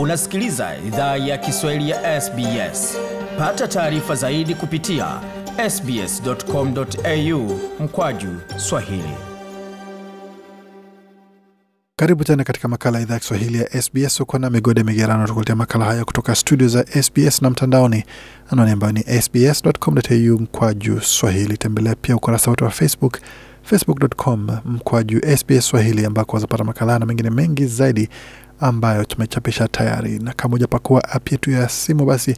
Unasikiliza idhaa ya Kiswahili ya SBS. Pata taarifa zaidi kupitia sbs.com.au mkwaju swahili. Karibu tena katika makala ya idhaa ya Kiswahili ya SBS huko na migode migerano, tukuletea makala haya kutoka studio za SBS na mtandaoni, anaoni ambayo ni sbs.com.au mkwaju swahili. Tembelea pia ukurasa wote wa Facebook facebook.com mkwaju SBS swahili ambako wazapata makala na mengine mengi zaidi ambayo tumechapisha tayari, na kama hujapakua app yetu ya simu, basi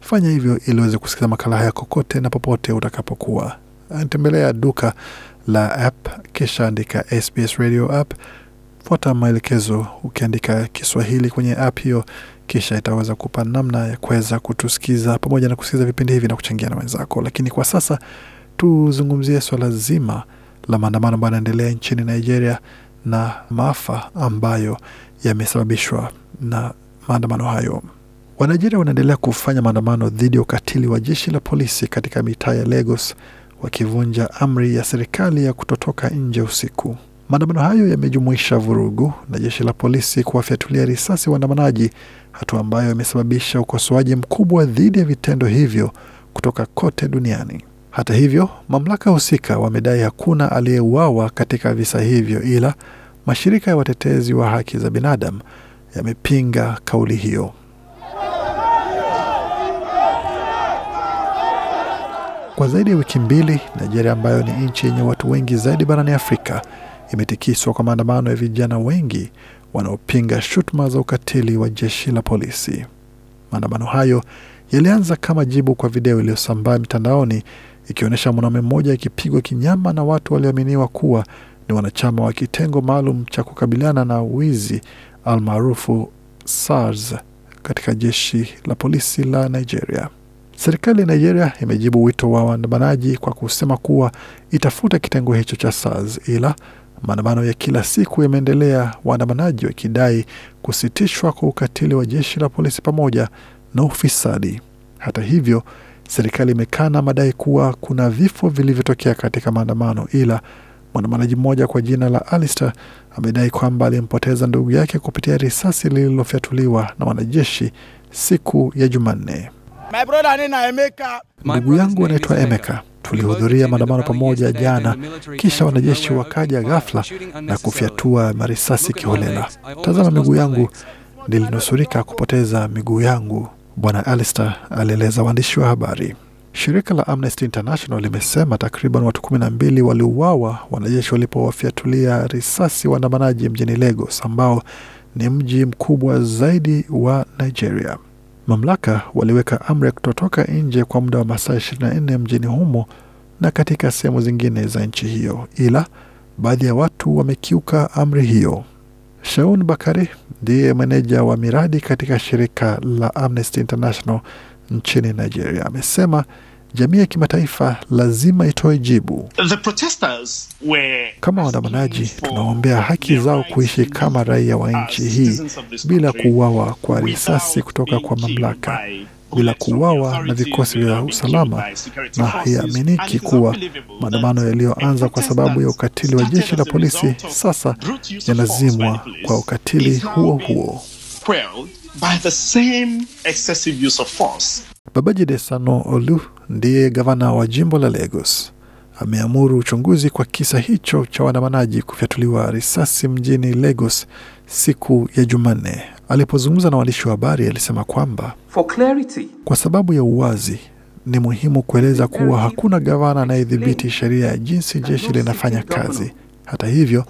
fanya hivyo ili uweze kusikiza makala haya kokote na popote utakapokuwa. Tembelea duka la app, kisha andika SBS Radio app, fuata maelekezo ukiandika Kiswahili kwenye app hiyo, kisha itaweza kupa namna ya kuweza kutusikiza pamoja na kusikiza vipindi hivi na kuchangia na wenzako. Lakini kwa sasa tuzungumzie swala zima la maandamano ambayo yanaendelea nchini Nigeria na maafa ambayo yamesababishwa na maandamano hayo. Wanigeria wanaendelea kufanya maandamano dhidi ya ukatili wa jeshi la polisi katika mitaa ya Lagos, wakivunja amri ya serikali ya kutotoka nje usiku. Maandamano hayo yamejumuisha vurugu na jeshi la polisi kuwafyatulia risasi waandamanaji, hatua ambayo imesababisha ukosoaji mkubwa dhidi ya vitendo hivyo kutoka kote duniani. Hata hivyo, mamlaka husika wamedai hakuna aliyeuawa katika visa hivyo, ila mashirika ya watetezi wa haki za binadamu yamepinga kauli hiyo. Kwa zaidi ya wiki mbili, Nigeria ambayo ni nchi yenye watu wengi zaidi barani Afrika imetikiswa kwa maandamano ya vijana wengi wanaopinga shutuma za ukatili wa jeshi la polisi. Maandamano hayo yalianza kama jibu kwa video iliyosambaa mitandaoni ikionyesha mwanaume mmoja ikipigwa kinyama na watu walioaminiwa kuwa ni wanachama wa kitengo maalum cha kukabiliana na wizi almaarufu SARS katika jeshi la polisi la Nigeria. Serikali ya Nigeria imejibu wito wa waandamanaji kwa kusema kuwa itafuta kitengo hicho cha SARS, ila maandamano ya kila siku yameendelea, waandamanaji wakidai kusitishwa kwa ukatili wa jeshi la polisi pamoja na ufisadi. Hata hivyo Serikali imekana madai kuwa kuna vifo vilivyotokea katika maandamano, ila mwandamanaji mmoja kwa jina la Alister amedai kwamba alimpoteza ndugu yake kupitia risasi lililofyatuliwa na wanajeshi siku ya Jumanne. Ndugu yangu anaitwa Emeka, tulihudhuria maandamano pamoja jana, kisha wanajeshi wakaja ghafla na kufyatua marisasi kiholela. Tazama miguu yangu, nilinusurika kupoteza miguu yangu. Bwana alister alieleza waandishi wa habari. Shirika la Amnesty International limesema takriban watu kumi na mbili waliuawa wanajeshi walipowafyatulia risasi waandamanaji mjini Lagos, ambao ni mji mkubwa zaidi wa Nigeria. Mamlaka waliweka amri ya kutotoka nje kwa muda wa masaa 24 mjini humo na katika sehemu zingine za nchi hiyo, ila baadhi ya watu wamekiuka amri hiyo. Shaun Bakari ndiye meneja wa miradi katika shirika la Amnesty International nchini Nigeria amesema jamii ya kimataifa lazima itoe jibu. Kama waandamanaji, tunaombea haki zao kuishi kama raia wa nchi hii bila kuuawa kwa risasi kutoka kwa mamlaka bila kuuawa na vikosi vya usalama, na haiaminiki kuwa maandamano yaliyoanza kwa sababu ya ukatili wa jeshi la polisi sasa yanazimwa kwa ukatili huo huo. Babajide Sanwo-Olu ndiye gavana wa jimbo la Lagos ameamuru uchunguzi kwa kisa hicho cha waandamanaji kufyatuliwa risasi mjini Lagos siku ya Jumanne. Alipozungumza na waandishi wa habari, alisema kwamba kwa sababu ya uwazi ni muhimu kueleza kuwa hakuna gavana anayedhibiti sheria ya jinsi jeshi linafanya kazi. Hata hivyo,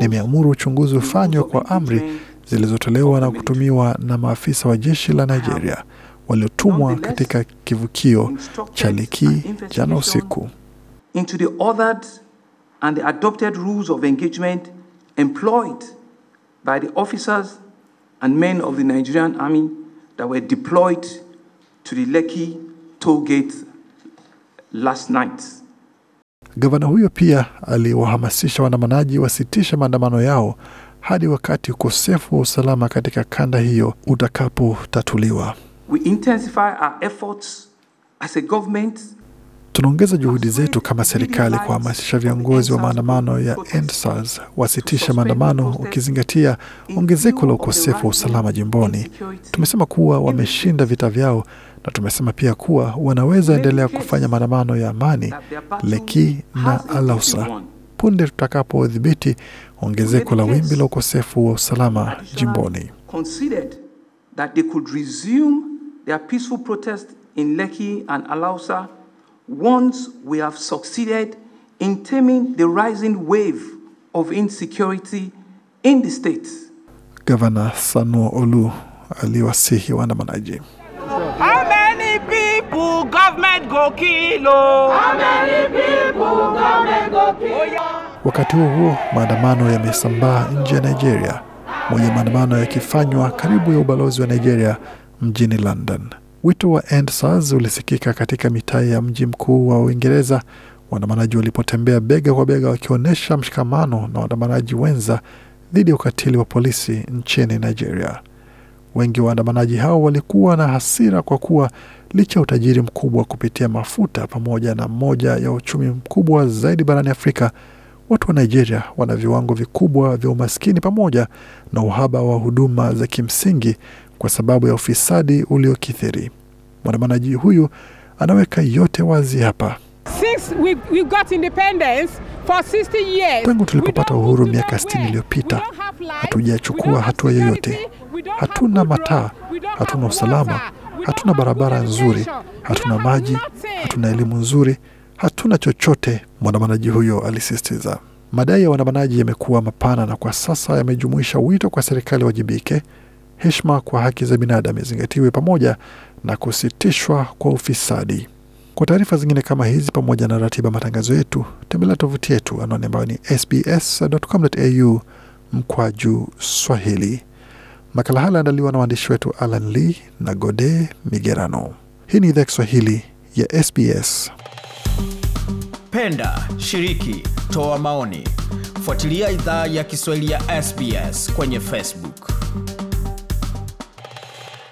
nimeamuru uchunguzi ufanywe kwa amri zilizotolewa na kutumiwa na maafisa wa jeshi la Nigeria waliotumwa katika kivukio cha Liki jana usiku. by the officers and men of the Nigerian army that were deployed to the Lekki toll gate last night. Gavana huyo pia aliwahamasisha waandamanaji wasitishe maandamano yao hadi wakati ukosefu wa usalama katika kanda hiyo utakapotatuliwa. We intensify our efforts as a government Tunaongeza juhudi zetu kama serikali kuhamasisha viongozi wa maandamano ya ensas wasitishe maandamano, ukizingatia ongezeko la ukosefu wa usalama jimboni. Tumesema kuwa wameshinda vita vyao, na tumesema pia kuwa wanaweza endelea kufanya maandamano ya amani Leki na Alausa punde tutakapodhibiti ongezeko la wimbi la ukosefu wa usalama jimboni. That they could resume their peaceful protest in Lekki and Alausa Once we have succeeded in taming the rising wave of insecurity in the state. Governor Sanu Olu aliwasihi waandamanaji. How many people government go kill? Oh? How many people government go kill? Oh, Wakati huo huo, maandamano yamesambaa nje ya Nigeria, moja maandamano yakifanywa karibu ya ubalozi wa Nigeria mjini London. Wito wa End SARS ulisikika katika mitaa ya mji mkuu wa Uingereza, waandamanaji walipotembea bega kwa bega wakionyesha mshikamano na waandamanaji wenza dhidi ya ukatili wa polisi nchini Nigeria. Wengi wa waandamanaji hao walikuwa na hasira kwa kuwa licha ya utajiri mkubwa kupitia mafuta pamoja na moja ya uchumi mkubwa zaidi barani Afrika, watu wa Nigeria wana viwango vikubwa vya umaskini pamoja na uhaba wa huduma za kimsingi kwa sababu ya ufisadi uliokithiri. Mwandamanaji huyu anaweka yote wazi hapa. Tangu tulipopata uhuru miaka 60 iliyopita, hatujachukua hatua yoyote. Hatuna mataa, hatuna usalama, hatuna barabara nzuri, hatuna maji, hatuna elimu nzuri, hatuna chochote, mwandamanaji huyo alisisitiza. Madai ya waandamanaji yamekuwa mapana na kwa sasa yamejumuisha wito kwa serikali wajibike heshima kwa haki za binadamu izingatiwe pamoja na kusitishwa kwa ufisadi. Kwa taarifa zingine kama hizi pamoja na ratiba matangazo yetu, tembelea tovuti yetu anwani ambayo ni sbs.com.au mkwaju Swahili. Makala haya aliandaliwa na waandishi wetu Alan Lee na Gode Migerano. Hii ni idhaa Kiswahili ya SBS. Penda, shiriki, toa maoni, fuatilia idhaa ya Kiswahili ya SBS kwenye Facebook.